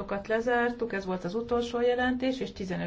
Sokat lezártuk, ez volt az utolsó jelentés, és 15